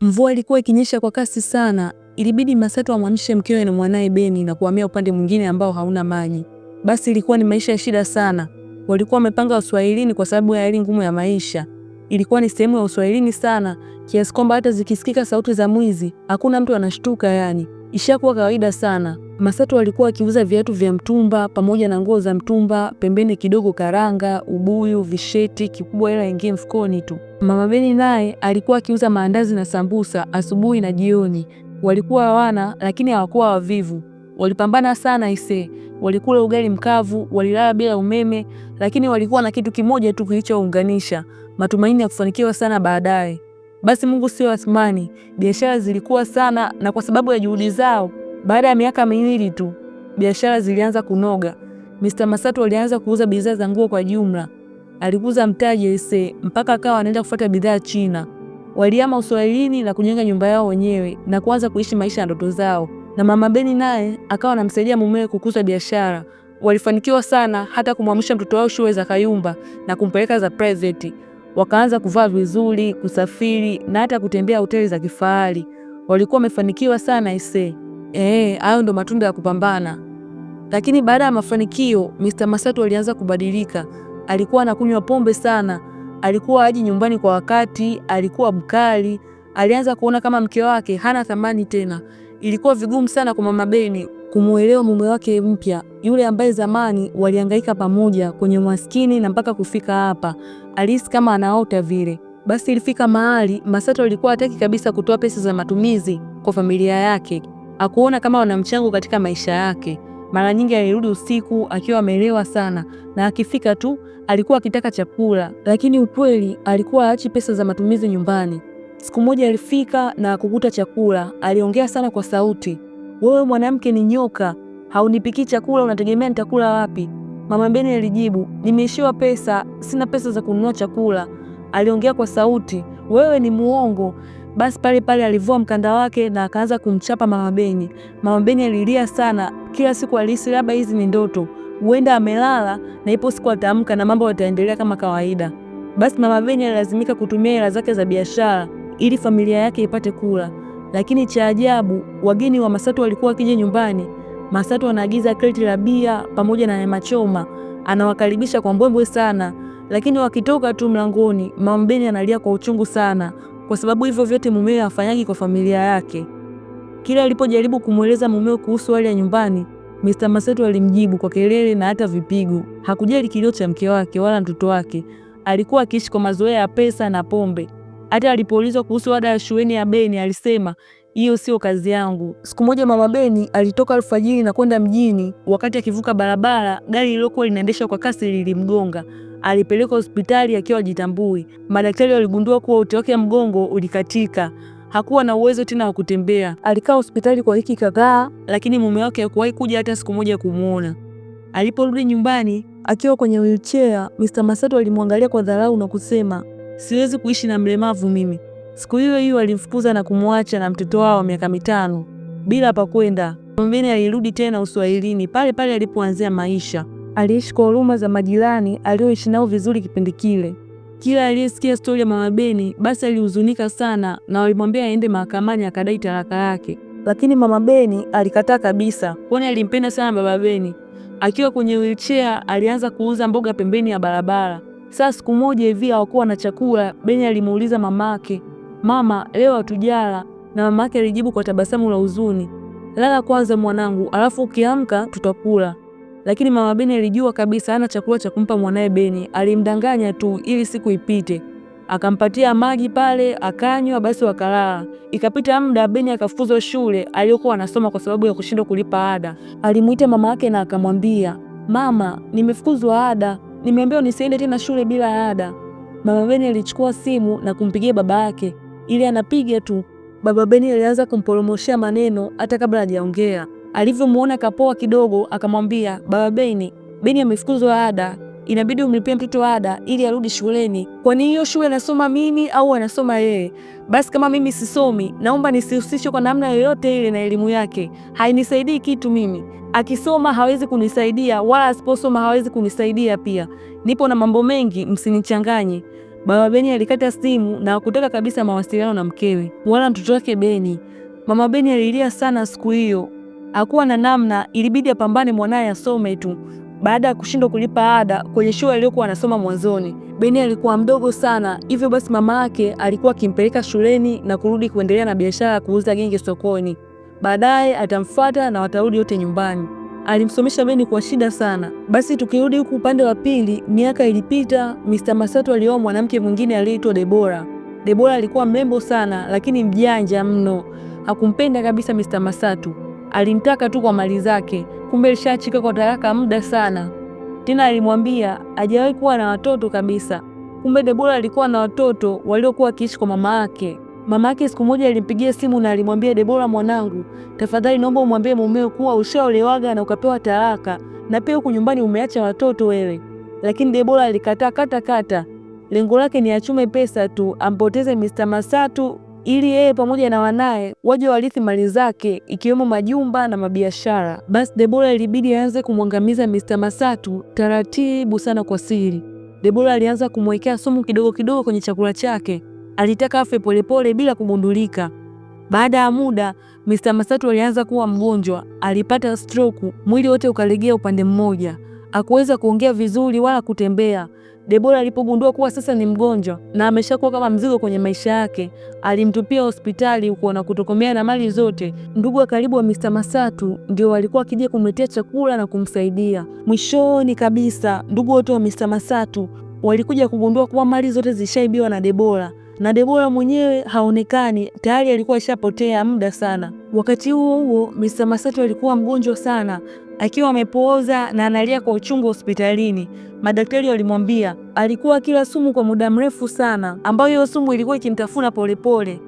Mvua ilikuwa ikinyesha kwa kasi sana, ilibidi Masato amwamishe mkewe na mwanaye Beni na kuhamia upande mwingine ambao hauna maji. Basi ilikuwa ni maisha ya shida sana. Walikuwa wamepanga uswahilini kwa sababu ya hali ngumu ya maisha. Ilikuwa ni sehemu ya uswahilini sana kiasi kwamba hata zikisikika sauti za mwizi hakuna mtu anashtuka yani. Ishakuwa kawaida sana. Masatu walikuwa akiuza viatu vya mtumba pamoja na nguo za mtumba, pembeni kidogo karanga, ubuyu, visheti, kikubwa ila ingie mfukoni tu. Mama Beni naye alikuwa akiuza maandazi na sambusa asubuhi na jioni. Walikuwa hawana lakini hawakuwa wavivu. Walipambana sana ise. Walikula ugali mkavu, walilala bila umeme, lakini walikuwa na kitu kimoja tu kilichounganisha, matumaini ya kufanikiwa sana baadaye. Basi Mungu sio asmani. Biashara zilikuwa sana, na kwa sababu ya juhudi zao, baada ya miaka miwili tu biashara zilianza kunoga. Mr. Masato alianza kuuza bidhaa za nguo kwa jumla. Alikuza mtaji ise mpaka akawa anaenda kufuata bidhaa China. Waliama Uswahilini na kujenga nyumba yao wenyewe na kuanza kuishi maisha ya ndoto zao, na Mama Beni naye akawa anamsaidia mumewe kukuza biashara. Walifanikiwa sana hata kumhamisha mtoto wao shule za Kayumba na kumpeleka za private wakaanza kuvaa vizuri, kusafiri na hata kutembea hoteli za kifahari. Walikuwa wamefanikiwa sana ise. Eh, hayo ndo matunda ya kupambana. Lakini baada ya mafanikio, Mr. Masatu alianza kubadilika. Alikuwa anakunywa pombe sana, alikuwa aji nyumbani kwa wakati, alikuwa mkali. Alianza kuona kama mke wake hana thamani tena. Ilikuwa vigumu sana kwa mama Beni kumwelewa mume wake mpya yule ambaye zamani walihangaika pamoja kwenye umaskini na mpaka kufika hapa, alihisi kama anaota vile. Basi ilifika mahali Masato alikuwa hataki kabisa kutoa pesa za matumizi kwa familia yake, akuona kama wana mchango katika maisha yake. Mara nyingi alirudi usiku akiwa amelewa sana, na akifika tu alikuwa akitaka chakula, lakini ukweli alikuwa haachi pesa za matumizi nyumbani. Siku moja alifika na kukuta chakula, aliongea sana kwa sauti wewe mwanamke ni nyoka, haunipiki chakula, unategemea nitakula wapi? Mama Beni alijibu, nimeishiwa pesa, sina pesa za kununua chakula. Aliongea kwa sauti, wewe ni muongo. Basi pale pale alivua mkanda wake na akaanza kumchapa Mama Beni. Mama Beni alilia sana, kila siku alihisi labda hizi ni ndoto, huenda amelala na ipo siku atamka na mambo yataendelea kama kawaida. Basi Mama Beni alilazimika kutumia hela zake za biashara ili familia yake ipate kula. Lakini cha ajabu, wageni wa Masatu walikuwa wakija nyumbani, Masatu anaagiza kreti la bia pamoja na nyama choma, anawakaribisha kwa mbwembwe sana. Lakini wakitoka tu mlangoni, mama analia kwa uchungu sana, kwa sababu hivyo vyote mumewe hafanyagi kwa familia yake. Kila alipojaribu kumweleza mumewe kuhusu hali ya nyumbani, Mr. Masatu alimjibu kwa kelele na hata vipigo. Hakujali kilio cha mke wake wala mtoto wake. Alikuwa akiishi kwa mazoea ya pesa na pombe. Hata alipoulizwa kuhusu ada ya shuleni ya Beni alisema hiyo sio kazi yangu. Siku moja mama Beni alitoka alfajiri na kwenda mjini. Wakati akivuka barabara, gari lililokuwa linaendeshwa kwa kasi lilimgonga. Alipelekwa hospitali akiwa ajitambui. Madaktari waligundua kuwa uti wake mgongo ulikatika. Hakuwa na uwezo tena wa kutembea. Alikaa hospitali kwa wiki kadhaa, lakini mume wake hakuwahi kuja hata siku moja kumwona. Aliporudi nyumbani akiwa kwenye wheelchair, Mr. Masato alimwangalia kwa dharau na kusema siwezi kuishi na mlemavu mimi. Siku hiyo hiyo alimfukuza na kumwacha na mtoto wao miaka mitano bila pa kwenda. Pembeni alirudi tena uswahilini pale pale alipoanzia maisha. Aliishi kwa huruma za majirani alioishi nao vizuri kipindi kile. Kila aliyesikia stori ya mama Beni basi alihuzunika sana, na walimwambia aende mahakamani akadai talaka yake, lakini mama Beni alikataa kabisa, kwani alimpenda sana baba Beni. Akiwa kwenye wheelchair alianza kuuza mboga pembeni ya barabara. Saa siku moja hivi hawakuwa na chakula. Beni alimuuliza mamake, mama, leo hatujala? Na mamake alijibu kwa tabasamu la huzuni, lala kwanza mwanangu, alafu ukiamka tutakula. Lakini mama Beni alijua kabisa hana chakula cha kumpa mwanaye Beni. Alimdanganya tu ili siku ipite, akampatia maji pale akanywa, basi wakalala. Ikapita muda, Beni akafukuzwa shule aliyokuwa anasoma kwa sababu ya kushindwa kulipa ada. Alimuita mama yake na akamwambia, mama, nimefukuzwa ada Nimeambiwa nisiende tena shule bila ada. Mama Beni alichukua simu na kumpigia baba yake, ili anapiga tu, baba Beni alianza kumporomoshea maneno hata kabla hajaongea. Alivyomuona kapoa kidogo, akamwambia baba Beni, Beni amefukuzwa ada, inabidi umlipie mtoto ada ili arudi shuleni. Kwani hiyo shule anasoma mimi au anasoma yeye? Basi kama mimi sisomi, naomba nisihusishwe kwa namna yoyote ile na elimu yake, hainisaidii kitu mimi. Akisoma hawezi kunisaidia, wala asiposoma hawezi kunisaidia pia. Nipo na mambo mengi, msinichanganye. Baba Beni alikata simu na kutaka kabisa mawasiliano na mkewe wala mtoto wake Beni. Mama Beni alilia sana siku hiyo, hakuwa na namna, ilibidi apambane mwanaye asome tu. Baada ya kushindwa kulipa ada kwenye shule aliyokuwa anasoma mwanzoni, Beni alikuwa mdogo sana, hivyo basi mama yake alikuwa akimpeleka shuleni na kurudi kuendelea na biashara ya kuuza genge sokoni. Baadaye atamfuata na watarudi wote nyumbani. Alimsomesha Beni kwa shida sana. Basi tukirudi huku upande wa pili, miaka ilipita, Mr. Masato alioa mwanamke mwingine aliyeitwa Debora. Debora alikuwa mrembo sana, lakini mjanja mno. Hakumpenda kabisa Mr. Masatu, alimtaka tu kwa mali zake kumbe lishachika kwa talaka muda sana. Tena alimwambia hajawahi kuwa na watoto kabisa. Kumbe Debora alikuwa na watoto waliokuwa wakiishi kwa mama yake. Mama yake siku moja alimpigia simu na alimwambia, Debora mwanangu, tafadhali naomba umwambie mumeo kuwa ushaolewaga na ukapewa talaka na pia huku nyumbani umeacha watoto wewe. Lakini Debora alikataa kata kata. Lengo lake ni achume pesa tu ampoteze Mr. Masatu ili yeye pamoja na wanaye waje warithi mali zake ikiwemo majumba na mabiashara. Basi Debora ilibidi aanze kumwangamiza Mr. Masatu taratibu sana kwa siri. Debora alianza kumwekea sumu kidogo kidogo kwenye chakula chake, alitaka afe polepole bila kugundulika. Baada ya muda, Mr. Masatu alianza kuwa mgonjwa, alipata stroke, mwili wote ukalegea upande mmoja. Hakuweza kuongea vizuri wala kutembea. Debora alipogundua kuwa sasa ni mgonjwa na ameshakuwa kama mzigo kwenye maisha yake, alimtupia hospitali huko na kutokomea na mali zote. Ndugu wa karibu wa Mr. Masatu ndio walikuwa akija kumletea chakula na kumsaidia. Mwishoni kabisa, ndugu wote wa Mr. Masatu walikuja kugundua kuwa mali zote zishaibiwa na Debora na Debora mwenyewe haonekani, tayari alikuwa ashapotea muda sana. Wakati huo huo, Mr. Masatu alikuwa mgonjwa sana akiwa amepooza na analia kwa uchungu hospitalini. Madaktari walimwambia alikuwa akila sumu kwa muda mrefu sana, ambayo hiyo sumu ilikuwa ikimtafuna polepole.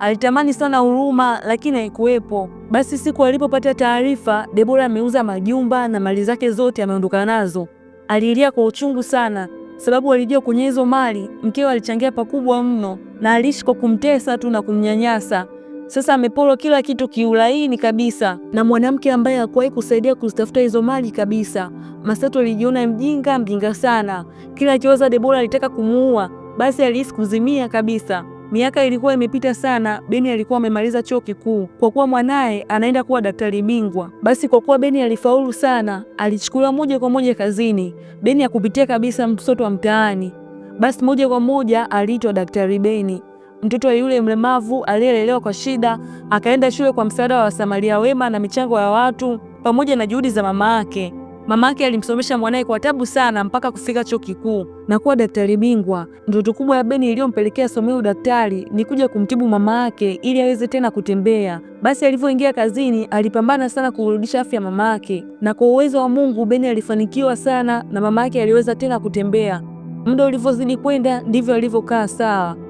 Alitamani sana huruma, lakini haikuwepo. Basi siku alipopata taarifa Debora ameuza majumba na mali zake zote ameondoka nazo, alilia kwa uchungu sana, sababu alijua kwenye hizo mali mkewe alichangia pakubwa mno, na aliishi kwa kumtesa tu na kumnyanyasa. Sasa amepolwa kila kitu kiulaini kabisa na mwanamke ambaye hakuwahi kusaidia kuzitafuta hizo mali kabisa. Masatu alijiona mjinga, mjinga sana. Kila choza Debora alitaka kumuua, basi alihisi kuzimia kabisa. Miaka ilikuwa imepita sana. Beni alikuwa amemaliza chuo kikuu, kwa kuwa mwanaye anaenda kuwa daktari bingwa. Basi kwa kuwa Beni alifaulu sana, alichukuliwa moja kwa moja kazini. Beni akupitia kabisa mtoto wa mtaani, basi moja kwa moja aliitwa daktari Beni mtoto yule mlemavu aliyelelewa kwa shida akaenda shule kwa msaada wa Wasamaria wema na michango ya watu pamoja na juhudi za mama yake. Mama yake alimsomesha mwanaye kwa tabu sana mpaka kufika chuo kikuu na kuwa daktari bingwa. Ndoto kubwa ya Beni iliyompelekea somea udaktari ni kuja kumtibu mama yake ili aweze tena kutembea. Basi alivyoingia kazini, alipambana sana kurudisha afya mama yake, na kwa uwezo wa Mungu Beni alifanikiwa sana na mama yake aliweza tena kutembea. Muda ulivyozidi kwenda ndivyo alivyokaa sawa.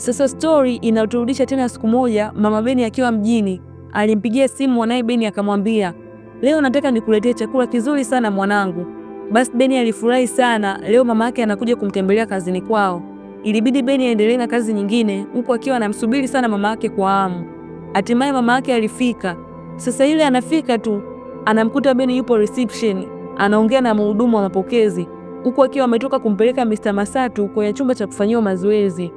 Sasa stori inaturudisha tena siku moja, mama Beni akiwa mjini alimpigia simu mwanaye Beni akamwambia, leo nataka nikuletee chakula kizuri sana mwanangu. Basi Beni alifurahi sana, leo mama yake anakuja kumtembelea kazini kwao. Ilibidi Beni aendelee na kazi nyingine, huku akiwa anamsubiri sana mama yake kwa hamu. Hatimaye mama yake alifika. Sasa ile anafika tu anamkuta Beni yupo reception anaongea na mhudumu wa mapokezi, huku akiwa ametoka kumpeleka Mr. Masatu kwenye chumba cha kufanyiwa mazoezi.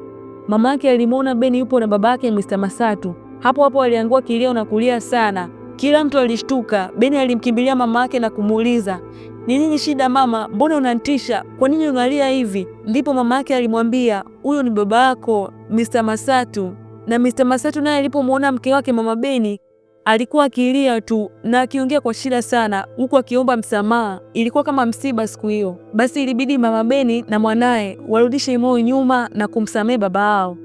Mamake alimwona Beni yupo na babake Mr. Masatu. Hapo hapo aliangua kilio na kulia sana. Kila mtu alishtuka. Beni alimkimbilia mamake na kumuuliza, ni nini shida mama? Mbona unantisha? Kwa nini unalia hivi? Ndipo mamake alimwambia, huyo ni baba yako Mr. Masatu. Na Mr. Masatu naye alipomwona mke wake mama Beni alikuwa akilia tu na akiongea kwa shida sana, huku akiomba msamaha. Ilikuwa kama msiba siku hiyo. Basi ilibidi mama Beni na mwanaye warudishe moyo nyuma na kumsamehe baba yao,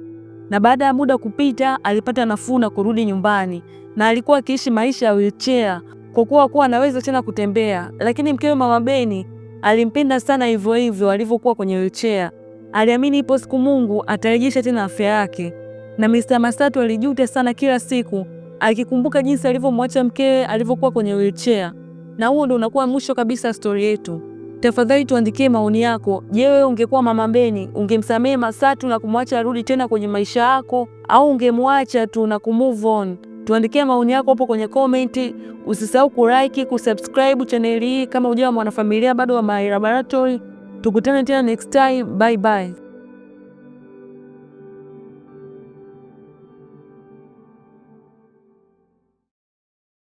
na baada ya muda kupita alipata nafuu na kurudi nyumbani, na alikuwa akiishi maisha ya wheelchair kwa kuwa kuwa anaweza tena kutembea. Lakini mkewe mama Beni alimpenda sana hivyo hivyo alivyokuwa kwenye wheelchair. Aliamini ipo siku Mungu atarejesha tena afya yake, na Mr. Masatu alijuta sana kila siku akikumbuka jinsi alivyomwacha mkewe alivyokuwa kwenye wheelchair. Na huo ndio unakuwa mwisho kabisa stori yetu. Tafadhali tuandikie maoni yako. Je, wewe ungekuwa mama Beni, ungemsamehe Masatu na kumwacha arudi tena kwenye maisha yako au ungemwacha tu na kumove on? Tuandikie maoni yako hapo kwenye comment. Usisahau kulike, kusubscribe channel hii kama ujawa mwanafamilia bado wa MyLaboratory. Tukutane tena next time. Bye bye.